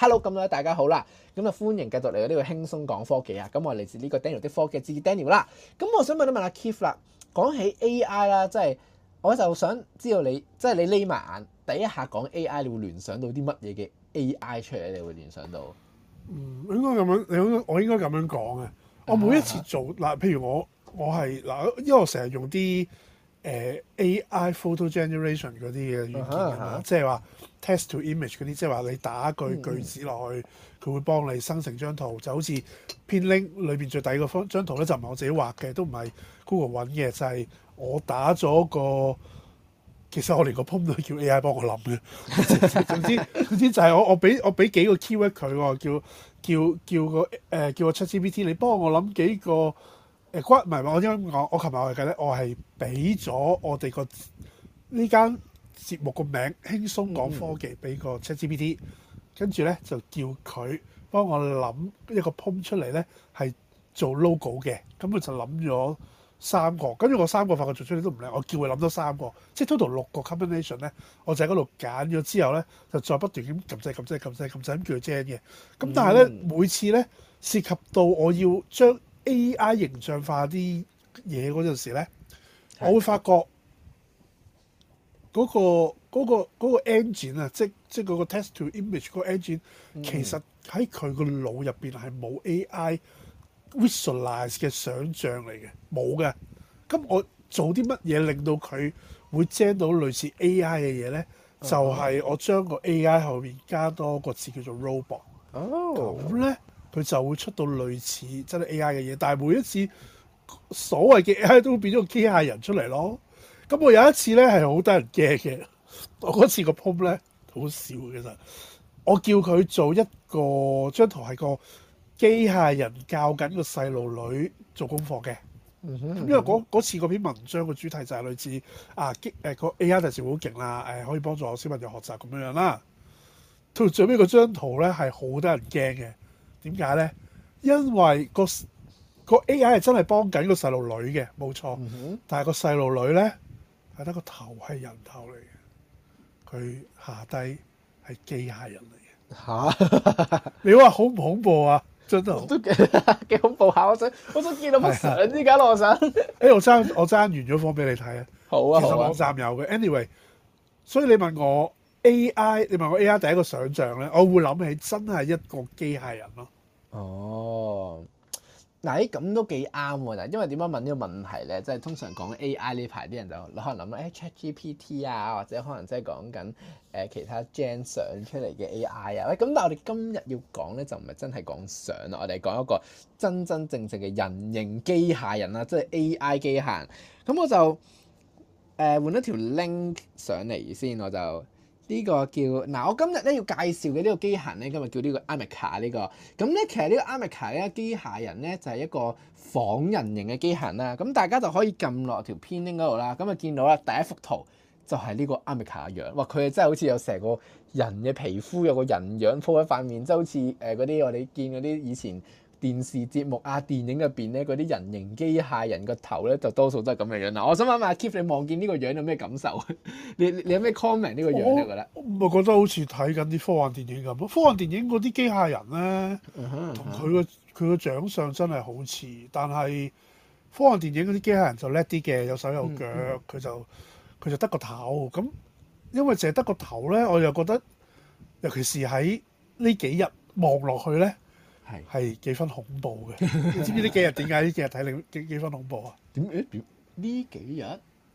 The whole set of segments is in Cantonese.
hello，咁咧大家好啦，咁就歡迎繼續嚟到呢個輕鬆講科技啊。咁我嚟自呢個 Daniel 的科技，至 Daniel 啦。咁我想問一問阿 Kif e 啦，講起 AI 啦，即係我就想知道你，即係你匿埋眼第一下講 AI，你會聯想到啲乜嘢嘅 AI 出嚟？你會聯想到？嗯，應該咁樣，你好，我應該咁樣講啊。我每一次做嗱，譬如我我係嗱，因為我成日用啲誒 AI photo generation 嗰啲嘅軟件啊，即係話。text to image 嗰啲，即係話你打句句子落去，佢、嗯、會幫你生成張圖，就好似 Pinned Link 裏邊最底個方張圖咧，就唔係我自己畫嘅，都唔係 Google 揾嘅，就係、是、我打咗個，其實我連個 prompt 都叫 AI 幫我諗嘅。總之 總之就係我我俾我俾幾個 keyword 佢，叫叫叫個誒、呃、叫我出 GPT，你幫我諗幾個誒骨唔係我因啱講，我琴日我係點咧？我係俾咗我哋個呢間。節目個名輕鬆講科技 t、嗯，俾個 ChatGPT，跟住咧就叫佢幫我諗一個 pon 出嚟咧，係做 logo 嘅。咁佢就諗咗三個，跟住我三個發覺做出嚟都唔靚，我叫佢諗多三個，即係 total 六個 combination 咧，我就喺度揀咗之後咧，就再不斷咁撳掣撳掣撳掣撳掣咁叫佢 gen 嘅。咁但係咧、嗯、每次咧涉及到我要將 AI 形象化啲嘢嗰陣時咧，我會發覺。嗰個嗰個嗰個 engine 啊，即即嗰個 test to image 嗰個 engine，其實喺佢個腦入邊係冇 AI visualise 嘅想像嚟嘅，冇嘅。咁我做啲乜嘢令到佢會 s 到類似 AI 嘅嘢咧？Oh. 就係我將個 AI 後面加多個字叫做 robot、oh.。哦，咁咧佢就會出到類似真係 AI 嘅嘢，但係每一次所謂嘅 AI 都會變咗個機械人出嚟咯。咁我有一次咧係好得人驚嘅，我 嗰次個 pop 咧好笑其實，我叫佢做一個張圖係個機械人教緊個細路女做功課嘅，因為嗰次嗰篇文章嘅主題就係類似啊機誒個 AI 特效好勁啦，誒可以幫助小朋友學習咁樣啦。到最尾嗰張圖咧係好得人驚嘅，點解咧？因為個個 AI 係真係幫緊個細路女嘅，冇錯，但係個細路女咧，覺得個頭係人頭嚟嘅，佢下低係機械人嚟嘅。嚇哈！ 你話恐唔恐怖啊？真都都幾恐怖嚇！我想我想見到乜相，依家落相。誒，我爭我爭完咗放俾你睇啊！好啊，其實網站有嘅。anyway，、啊、所以你問我 AI，你問我 AI 第一個想像咧，我會諗起真係一個機械人咯。哦。嗱，咁、欸、都幾啱喎！嗱，因為點解問呢個問題咧？即係通常講 A.I. 呢排啲人就可能諗到 ChatGPT、欸、啊，或者可能即係講緊誒其他 gen 相出嚟嘅 A.I. 啊，喂、欸，咁但係我哋今日要講咧就唔係真係講相啦，我哋講一個真真正正嘅人形機械人啦，即係 A.I. 機械人。咁我就誒、呃、換一條 link 上嚟先，我就。呢個叫嗱、啊，我今日咧要介紹嘅呢個機械咧，今日叫呢個 Ameca 呢、這個。咁、嗯、咧其實個呢個 Ameca 咧機械人咧就係、是、一個仿人形嘅機械啦。咁、嗯、大家就可以撳落條片拎嗰度啦。咁啊見到啦，第一幅圖就係呢個 Ameca 嘅樣。哇！佢啊真係好似有成個人嘅皮膚，有個人樣鋪喺塊面，即好似誒嗰啲我哋見嗰啲以前。.電視節目啊、電影入邊咧嗰啲人形機械人個頭咧，就多數都係咁嘅樣啦。我想問下 Keep，你望見呢個樣有咩感受？ 你你，你，你有咩 comment 呢個樣咧？我咪覺得好似睇緊啲科幻電影咁。科幻電影嗰啲機械人咧，同佢個佢個長相真係好似，但係科幻電影嗰啲機械人就叻啲嘅，有手有腳，佢、嗯嗯、就佢就得個頭。咁因為淨係得個頭咧，我又覺得，尤其是喺呢幾日望落去咧。係係幾分恐怖嘅？ 你知唔知呢幾日點解呢幾日睇你幾幾分恐怖啊？點誒、欸？呢幾日？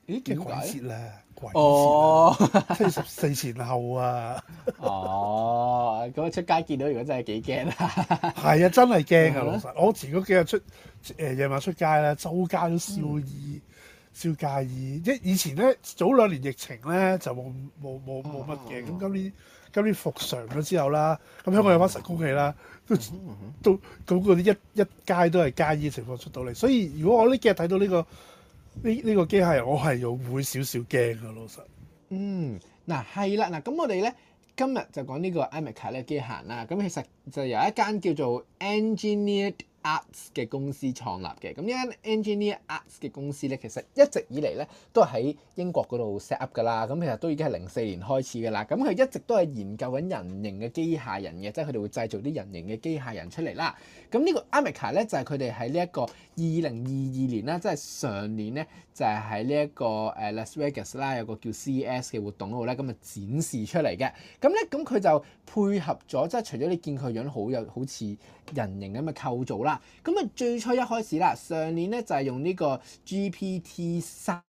誒、欸，鬼節啦！鬼節哦，七月十四前後啊！ 哦，咁啊出街見到如果真係幾驚啊！係 啊，真係驚啊！ 老實，我前嗰幾日出誒、呃、夜晚出街啦，周街都燒衣燒街衣。一以前咧，早兩年疫情咧就冇冇冇冇乜嘅。咁、哦哦、今年今年復常咗之後啦，咁香港有返神功戲啦。都都嗰啲一一加都係街衣情況出到嚟，所以如果我呢幾日睇到呢、呢個呢呢、呢個呢個機械人，我係有會少少驚嘅，老實。嗯，嗱係啦，嗱咁、啊、我哋咧今日就講呢個 Ameca 咧機械啦，咁其實就有一間叫做 Engineered。Arts 嘅公司創立嘅，咁呢間 Engineer Arts 嘅公司咧，其實一直以嚟咧都係喺英國嗰度 set up 噶啦，咁其實都已經係零四年開始噶啦，咁佢一直都係研究緊人形嘅機械人嘅，即係佢哋會製造啲人形嘅機械人出嚟啦，咁呢個 Ameca 咧就係佢哋喺呢一個。二零二二年啦，即係上年咧，就係喺呢一個誒 Las Vegas 啦，有個叫 CES 嘅活動度咧，咁啊展示出嚟嘅。咁咧，咁佢就配合咗，即係除咗你見佢樣好有好似人形咁嘅構造啦，咁啊最初一開始啦，上年咧就係用呢個 GPT 三。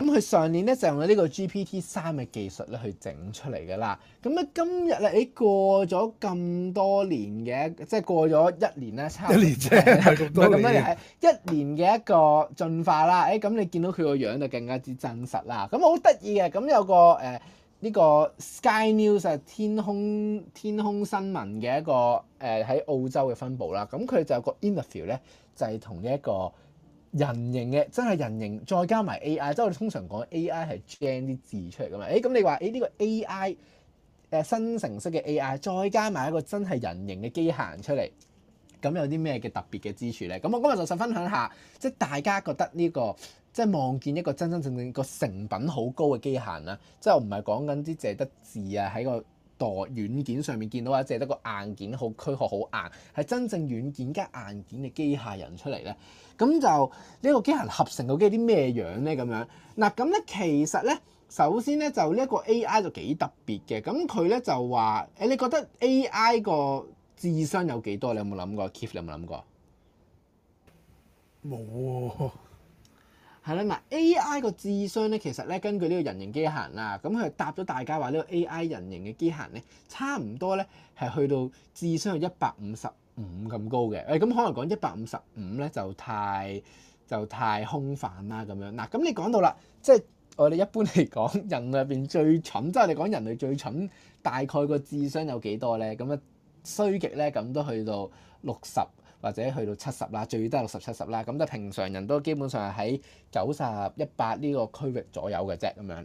咁佢上年咧就用咗呢個 GPT 三嘅技術咧去整出嚟嘅啦。咁咧今日咧喺過咗咁多年嘅，即係過咗一年咧，差唔多一年啫，唔係咁多年，一年嘅一個進化啦。誒、哎，咁你見到佢個樣就更加之真實啦。咁好得意嘅，咁有個誒呢、呃呢個 Sky News 天空天空新聞嘅一個誒喺、呃、澳洲嘅分部啦。咁佢就有個 interview 咧，就係同呢一個。人形嘅真係人形，再加埋 AI，即係我哋通常講 AI 係 generate 字出嚟㗎嘛？誒、欸、咁你話誒呢個 AI 誒新成式嘅 AI，再加埋一個真係人形嘅機械出嚟，咁有啲咩嘅特別嘅之處咧？咁我今日就想分享下，即係大家覺得呢、這個即係望見一個真真正正個成品好高嘅機械啦，即係我唔係講緊啲借得字啊喺個度軟件上面見到啊，淨得個硬件好，軀殼好硬，係真正軟件加硬件嘅機械人出嚟咧。咁就呢個機械人合成嘅機器係啲咩樣咧？咁樣嗱，咁咧其實咧，首先咧就呢一個 AI 就幾特別嘅。咁佢咧就話，誒，你覺得 AI 個智商有幾多？你有冇諗過？Keith，你有冇諗過？冇喎。係啦，嗱 AI 個智商咧，其實咧根據呢個人形機械人啦，咁佢搭咗大家話呢個 AI 人形嘅機械咧，差唔多咧係去到智商係一百五十五咁高嘅。誒咁可能講一百五十五咧就太就太空泛啦咁樣。嗱咁你講到啦，即係我哋一般嚟講人類入邊最蠢，即係你講人類最蠢大概個智商有幾多咧？咁啊衰極咧咁都去到六十。或者去到七十啦，最低六十七十啦，咁就平常人都基本上係喺九十一百呢個區域左右嘅啫咁樣。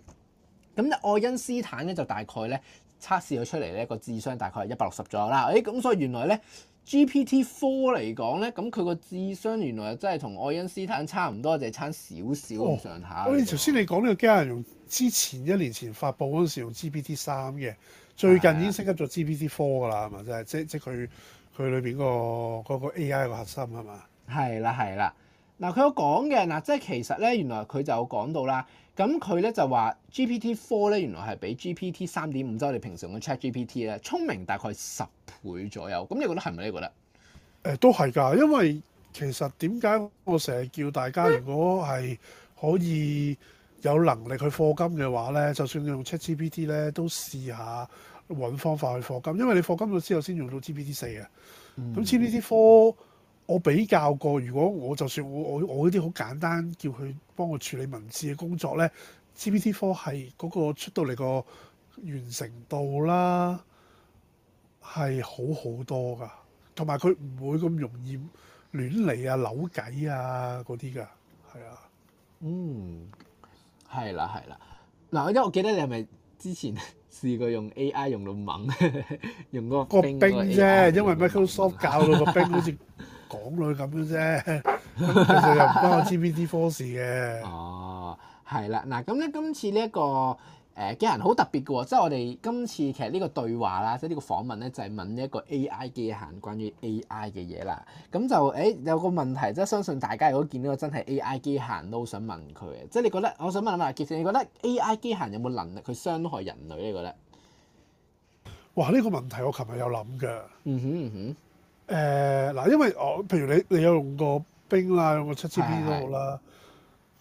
咁阿愛因斯坦咧就大概咧測試咗出嚟咧，個智商大概係一百六十左右啦。誒、哎、咁所以原來咧 GPT Four 嚟講咧，咁佢個智商原來真係同愛因斯坦差唔多，就係差少少咁上下。喂、哦，頭先你講呢個 Gemini 用之前一年前發佈嗰陣時用 GPT 三嘅。最近已經升級咗 GPT Four 㗎啦，係咪即係？即即佢佢裏邊個嗰、那個、AI 個核心係嘛？係啦係啦，嗱佢、啊啊、有講嘅嗱，即其實咧原來佢就講到啦，咁佢咧就話 GPT Four 咧原來係比 GPT 三點五即我哋平常嘅 Chat GPT 咧聰明大概十倍左右，咁你覺得係咪你覺得？誒都係㗎，因為其實點解我成日叫大家如果係可以有能力去課金嘅話咧，就算你用 ChatGPT 咧，都試下揾方法去課金，因為你課金咗之後先用到 GPT 四嘅。咁 GPT four 我比較過，如果我就算我我我呢啲好簡單叫佢幫我處理文字嘅工作咧，GPT four 係嗰個出到嚟個完成度啦，係好好多噶，同埋佢唔會咁容易亂嚟啊、扭計啊嗰啲噶，係啊，啊嗯。係啦，係啦，嗱，因為我記得你係咪之前試過用 A.I. 用到猛？ 用個冰冰個兵啫，因為 Microsoft 教到個冰好似港女咁嘅啫， 其實又唔關我 T.P.D. 科事嘅。 哦，係啦，嗱，咁咧今次咧、這個。誒機械人好特別嘅喎、哦，即係我哋今次其實呢個對話啦，即係呢個訪問咧，就係、是、問呢一個 AI 機械人關於 AI 嘅嘢啦。咁就誒、欸、有個問題，即係相信大家如果見到個真係 AI 機械人，都想問佢嘅。即係你覺得，我想問下阿傑你覺得 AI 機械人有冇能力去傷害人類咧？你覺得？哇！呢、這個問題我琴日有諗嘅、嗯。嗯哼嗯哼嗱、呃，因為我譬如你，你有用過冰啦，用過七字 p o l 啦，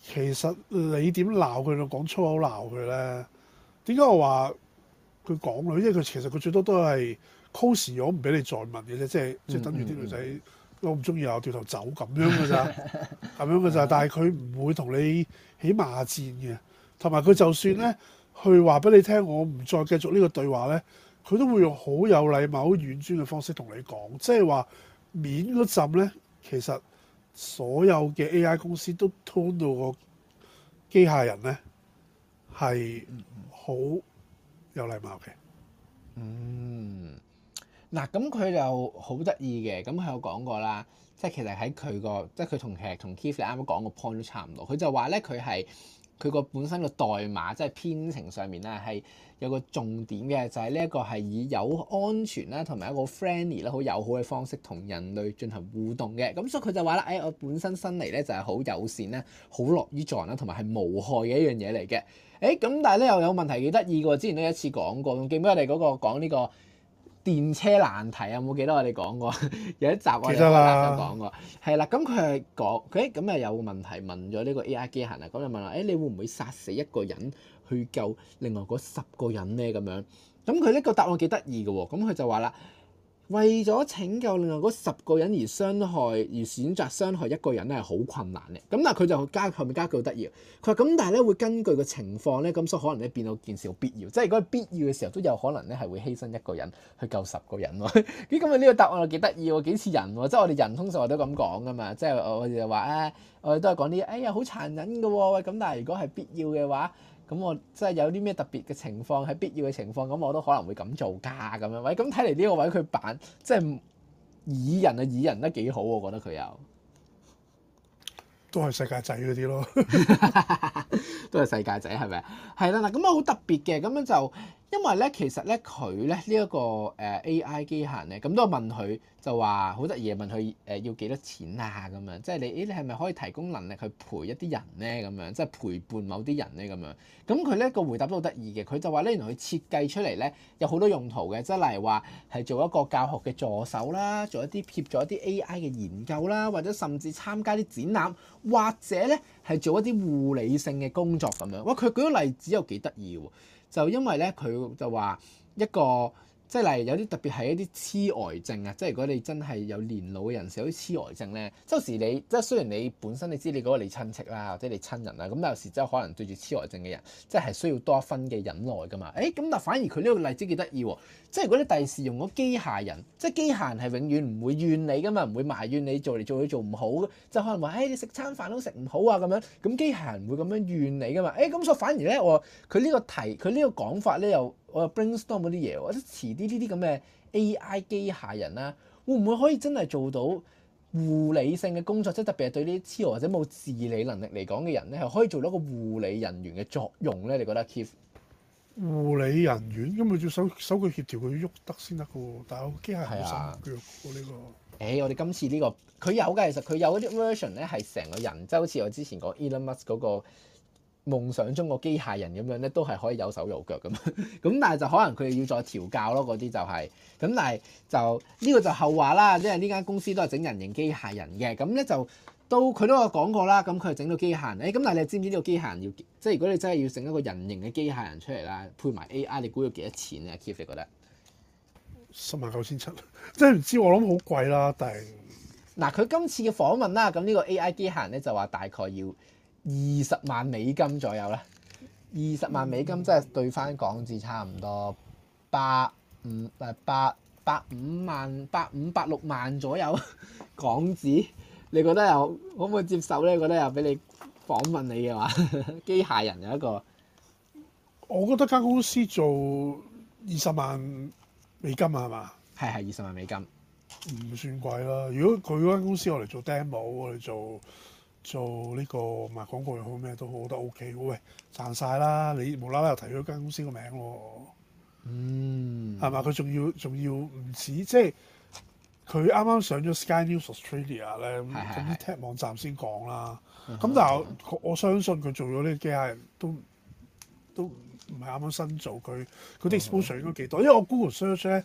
是的是的其實你點鬧佢咧？講粗口鬧佢咧？點解我話佢港女？因為佢其實佢最多都係 close 咗，唔俾你再問嘅啫。即係即係等於啲女仔、mm hmm.，我唔中意啊，掉頭走咁樣嘅咋咁樣嘅咋。 但係佢唔會同你起罵戰嘅。同埋佢就算咧，佢話俾你聽，我唔再繼續呢個對話咧，佢都會用好有禮貌、好婉轉嘅方式同你講，即係話面嗰陣咧，其實所有嘅 A.I. 公司都通到個機械人咧係。好有禮貌嘅，嗯，嗱咁佢就好得意嘅，咁佢有講過啦，即係其實喺佢個，即係佢同其實同 Keith 啱啱講個 point 都差唔多，佢就話咧，佢係。佢個本身個代碼即係編程上面咧係有個重點嘅，就係呢一個係以有安全啦，同埋一個好 friendly 咧好友好嘅方式同人類進行互動嘅。咁所以佢就話啦，誒、哎，我本身生嚟咧就係好友善咧，好樂於助人啦，同埋係無害嘅一樣嘢嚟嘅。誒、哎，咁但係咧又有問題幾得意嘅喎。之前都一次講過，記唔記得我哋嗰個講呢、這個？電車難題啊！有冇記得我哋講過？ 有一集我喺度講過，係啦。咁佢係講，佢咁啊有個問題問咗呢個 A.I. 機械人啊，咁就問啦，誒、欸、「你會唔會殺死一個人去救另外嗰十個人呢？」咁樣咁佢呢個答案幾得意嘅喎，咁佢就話啦。為咗拯救另外嗰十個人而傷害而選擇傷害一個人咧係好困難嘅，咁但係佢就加後面加句得意，佢話咁但係咧會根據個情況咧，咁所以可能咧變到件事好必要，即係如果係必要嘅時候都有可能咧係會犧牲一個人去救十個人咯。咦咁啊呢個答案又幾得意喎，幾似人喎，即係我哋人通常話都咁講噶嘛，即係我哋就話咧，我哋都係講啲哎呀好殘忍噶喂，咁但係如果係必要嘅話。咁我即係有啲咩特別嘅情況，喺必要嘅情況，咁我都可能會咁做㗎，咁樣喂。咁睇嚟呢個位佢扮即係擬人啊，擬人得幾好，我覺得佢又都係世界仔嗰啲咯， 都係世界仔係咪啊？係啦，嗱咁啊好特別嘅，咁樣就。因為咧，其實咧，佢咧呢一個誒 AI 機械人咧，咁都問佢就話好得意，問佢誒要幾多錢啊咁樣，即係你誒你係咪可以提供能力去陪一啲人咧咁樣，即係陪伴某啲人咧咁樣？咁佢咧個回答都好得意嘅，佢就話咧原來佢設計出嚟咧有好多用途嘅，即係例如話係做一個教學嘅助手啦，做一啲協助一啲 AI 嘅研究啦，或者甚至參加啲展覽，或者咧係做一啲護理性嘅工作咁樣。哇！佢舉個例子又幾得意喎～就因為咧，佢就話一個，即係例如有啲特別係一啲痴呆症啊，即係如果你真係有年老嘅人士有啲痴呆症咧，有時你即係雖然你本身你知你嗰個你親戚啦或者你親人啦，咁有時真係可能對住痴呆症嘅人，即係需要多一分嘅忍耐噶嘛。誒、欸、咁，但反而佢呢個例子幾得意喎。即係如果咧第時用個機械人，即係機械人係永遠唔會怨你噶嘛，唔會埋怨你做嚟做去做唔好嘅，就可能話誒、哎、你食餐飯都食唔好啊咁樣，咁機械人會咁樣怨你噶嘛？誒、哎、咁所以反而咧我佢呢個題佢呢個講法咧又我 brainstorm 嗰啲嘢或者係遲啲呢啲咁嘅 AI 機械人啦、啊，會唔會可以真係做到護理性嘅工作？即係特別係對呢啲痴呆或者冇自理能力嚟講嘅人咧，係可以做到個護理人員嘅作用咧？你覺得 Keith？護理人員咁咪要手手去協調佢喐得先得嘅喎，但係我驚佢冇手腳喎、啊、呢、啊欸這個。誒，我哋今次呢個佢有嘅其實佢有嗰啲 version 咧係成個人，即、就是、好似我之前講 Elon Musk 嗰個夢想中個機械人咁樣咧，都係可以有手有腳咁。咁 但係就可能佢要再調教咯，嗰啲就係、是。咁但係就呢、這個就後話啦，即係呢間公司都係整人形機械人嘅，咁咧就。到佢都有講過啦，咁佢係整到機械人，誒、哎、咁，但係你知唔知呢個機械人要即係如果你真係要整一個人形嘅機械人出嚟啦，配埋 A.I.，你估要幾多錢啊？Jeff 覺得十萬九千七，9, 700, 真係唔知，我諗好貴啦，但係嗱，佢、啊、今次嘅訪問啦，咁呢個 A.I. 機械人咧就話大概要二十萬美金左右啦，二十萬美金即係對翻港紙差唔多八五、誒八八五萬八五八六萬左右港紙。 你覺得又可唔可以接受咧？覺得又俾你訪問你嘅話， 機械人有一個。我覺得間公司做二十萬美金啊，係嘛？係係二十萬美金。唔算貴啦。如果佢嗰間公司我嚟做 demo，我嚟做做呢、呢個賣廣告又好咩都好，我覺得 OK。喂、欸，賺晒啦！你無啦啦又提咗間公司個名喎。嗯。係嘛？佢仲要仲要唔止即係。佢啱啱上咗 Sky News Australia 咧，咁啲 tech 網站先講啦。咁、嗯、哼但係我，我相信佢做咗呢個機械人都都唔係啱啱新做，佢佢啲 exposure 應該幾多？嗯、哼因為我 Google search 咧呢、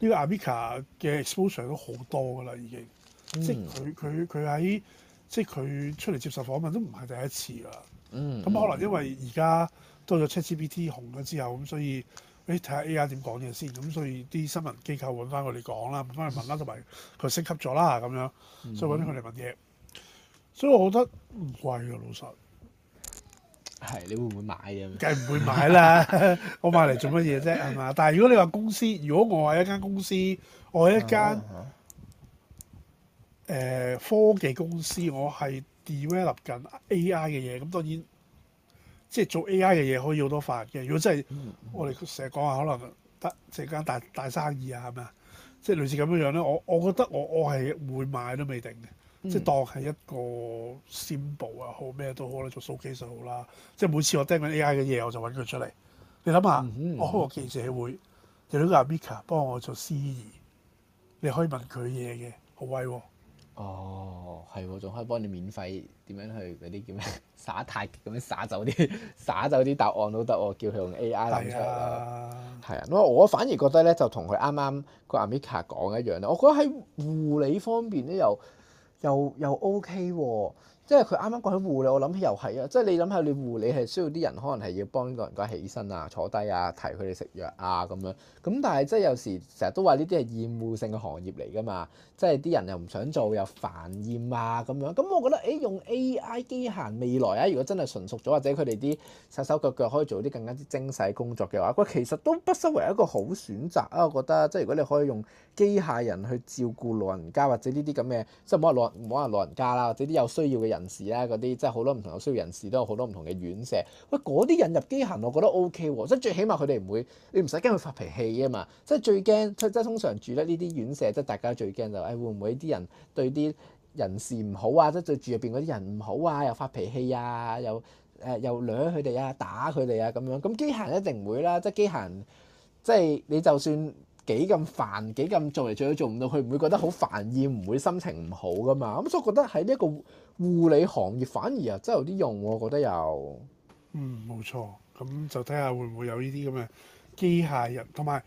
這個 Ameca 嘅 exposure 都好多噶啦，已經。即係佢佢佢喺即係佢出嚟接受訪問都唔係第一次噶啦。咁、嗯、哼可能因為而家多咗 ChatGPT 紅咗之後，咁、嗯、所以。誒睇下 AI 點講嘢先，咁、嗯、所以啲新聞機構揾翻佢哋講啦，揾翻去問啦，同埋佢升級咗啦，咁樣，所以揾啲佢哋問嘢。所以我覺得唔貴㗎，老實。係，你會唔會買嘅？梗係唔會買啦， 我買嚟做乜嘢啫？係嘛？ 但係如果你話公司，如果我係一間公司，我係一間誒、uh huh. 呃、科技公司，我係 develop 緊 AI 嘅嘢，咁當然。即係做 AI 嘅嘢可以好多法嘅。如果真係、嗯嗯、我哋成日講話，可能得成間大大生意啊，係咪啊？即係類似咁樣樣咧，我我覺得我我係會買都未定嘅、嗯 so。即係當係一個 symbol 啊，好咩都好啦，做數技術好啦。即係每次我盯緊 AI 嘅嘢，我就揾佢出嚟。你諗下，嗯嗯嗯、我開個記者會，有個阿 Mika 幫我做司儀，你可以問佢嘢嘅，好威喎。哦，係喎，仲可以幫你免費點樣去嗰啲叫咩，耍太極咁樣耍走啲耍走啲答案都得喎，叫佢用 AI 嚟做。係啊的，我我反而覺得咧，就同佢啱啱個 Ameca 講一樣咧，我覺得喺護理方面咧，又又又 OK 喎、啊。即係佢啱啱講起護理，我諗起又係啊！即係你諗下，你護理係需要啲人，可能係要幫老人家起身啊、坐低啊、提佢哋食藥啊咁樣。咁但係即係有時成日都話呢啲係厭惡性嘅行業嚟㗎嘛。即係啲人又唔想做，又煩厭啊咁樣。咁我覺得誒、欸、用 AI 機械未來啊，如果真係純熟咗，或者佢哋啲手手腳腳可以做啲更加之精細工作嘅話，佢其實都不失為一個好選擇啊！我覺得即係如果你可以用機械人去照顧老人家或者呢啲咁嘅，即係唔好話老唔好話老人家啦，或者啲有需要嘅人。人士啦，嗰啲即係好多唔同嘅需要人士都有好多唔同嘅院舍。喂，嗰啲引入機行我覺得 O K 喎，即係最起碼佢哋唔會，你唔使驚佢發脾氣啊嘛。即係最驚，即係通常住咧呢啲院舍，即係大家最驚就誒、是哎、會唔會啲人對啲人士唔好啊？即係住入邊嗰啲人唔好啊，又發脾氣啊，又誒、呃、又掠佢哋啊，打佢哋啊咁樣。咁機械一定唔會啦，即係機械即係你就算。幾咁煩，幾咁做嚟，做去，做唔到，佢唔會覺得好煩厭，唔會心情唔好噶嘛。咁所以覺得喺呢一個護理行業反而啊真係有啲用喎。我覺得又，嗯冇錯，咁就睇下會唔會有呢啲咁嘅機械人，同埋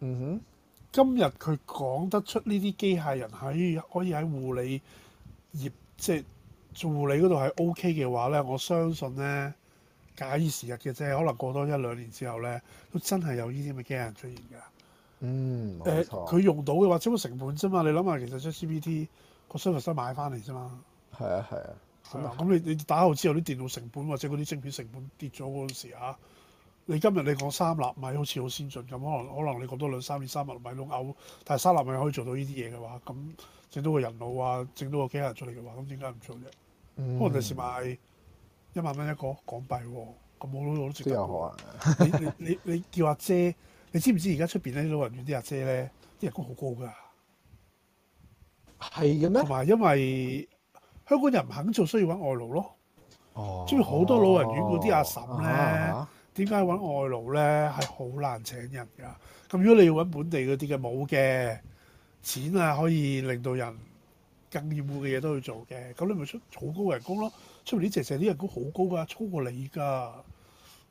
嗯哼，今日佢講得出呢啲機械人喺可以喺護理業即係做護理嗰度係 O K 嘅話咧，我相信咧假以時日嘅啫，可能過多一兩年之後咧都真係有呢啲咁嘅機械人出現㗎。嗯，誒佢、欸、用到嘅話，只不過成本啫嘛。你諗下，其實將 c b t 個 service 商買翻嚟啫嘛。係啊，係啊。咁啊，咁你你打後之後，啲電腦成本或者嗰啲晶片成本跌咗嗰陣時嚇、啊，你今日你講三納米好似好先進咁，可能可能你講多兩三年三納米都拗，但係三納米可以做到呢啲嘢嘅話，咁整到個人腦啊，整到個機械人出嚟嘅話，咁點解唔做啫？嗯、可能第時賣一萬蚊一個港幣喎、啊，個冇腦我都值得。又好啊你！ 你你你叫阿姐。你知唔知而家出面咧？老人院啲阿姐咧，啲人工好高噶。係嘅咩？同埋因為香港人唔肯做，需要揾外勞咯。哦，即係好多老人院嗰啲阿嬸咧，點解揾外勞咧，係好難請人噶？咁如果你要揾本地嗰啲嘅，冇嘅錢啊，可以令到人更厭惡嘅嘢都去做嘅。咁你咪出好高人工咯？出面啲姐姐啲人工好高噶，粗過你噶。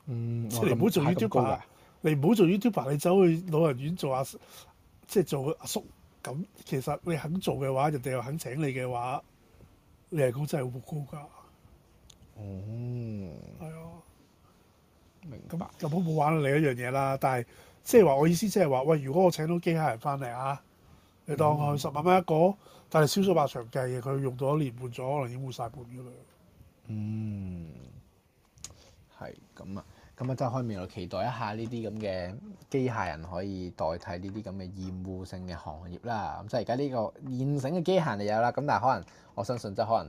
嗯，即係唔好做呢啲嘅。你唔好做 YouTuber，你走去老人院做阿即係做阿叔咁。其實你肯做嘅話，人哋又肯請你嘅話，你人工真係好高噶。哦，係啊的，明咁白啊，咁好好玩你一樣嘢啦。但係即係話我意思即係話，喂，如果我請到機械人翻嚟啊，嗯、你當我十萬蚊一個，但係少數百場計嘅，佢用到一年半咗，可能已經換晒半嘅啦。嗯，係咁啊。咁啊，真係可以未來期待一下呢啲咁嘅機械人可以代替呢啲咁嘅厭惡性嘅行業啦。咁即係而家呢個現成嘅機械就有啦。咁但係可能我相信即係可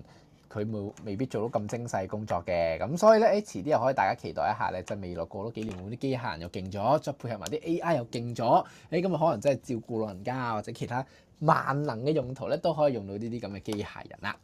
能佢冇未必做到咁精細工作嘅。咁所以咧，誒遲啲又可以大家期待一下咧，即係未來過多幾年，啲機械人又勁咗，再配合埋啲 AI 又勁咗，誒咁啊，可能真係照顧老人家或者其他萬能嘅用途咧，都可以用到呢啲咁嘅機械人啦。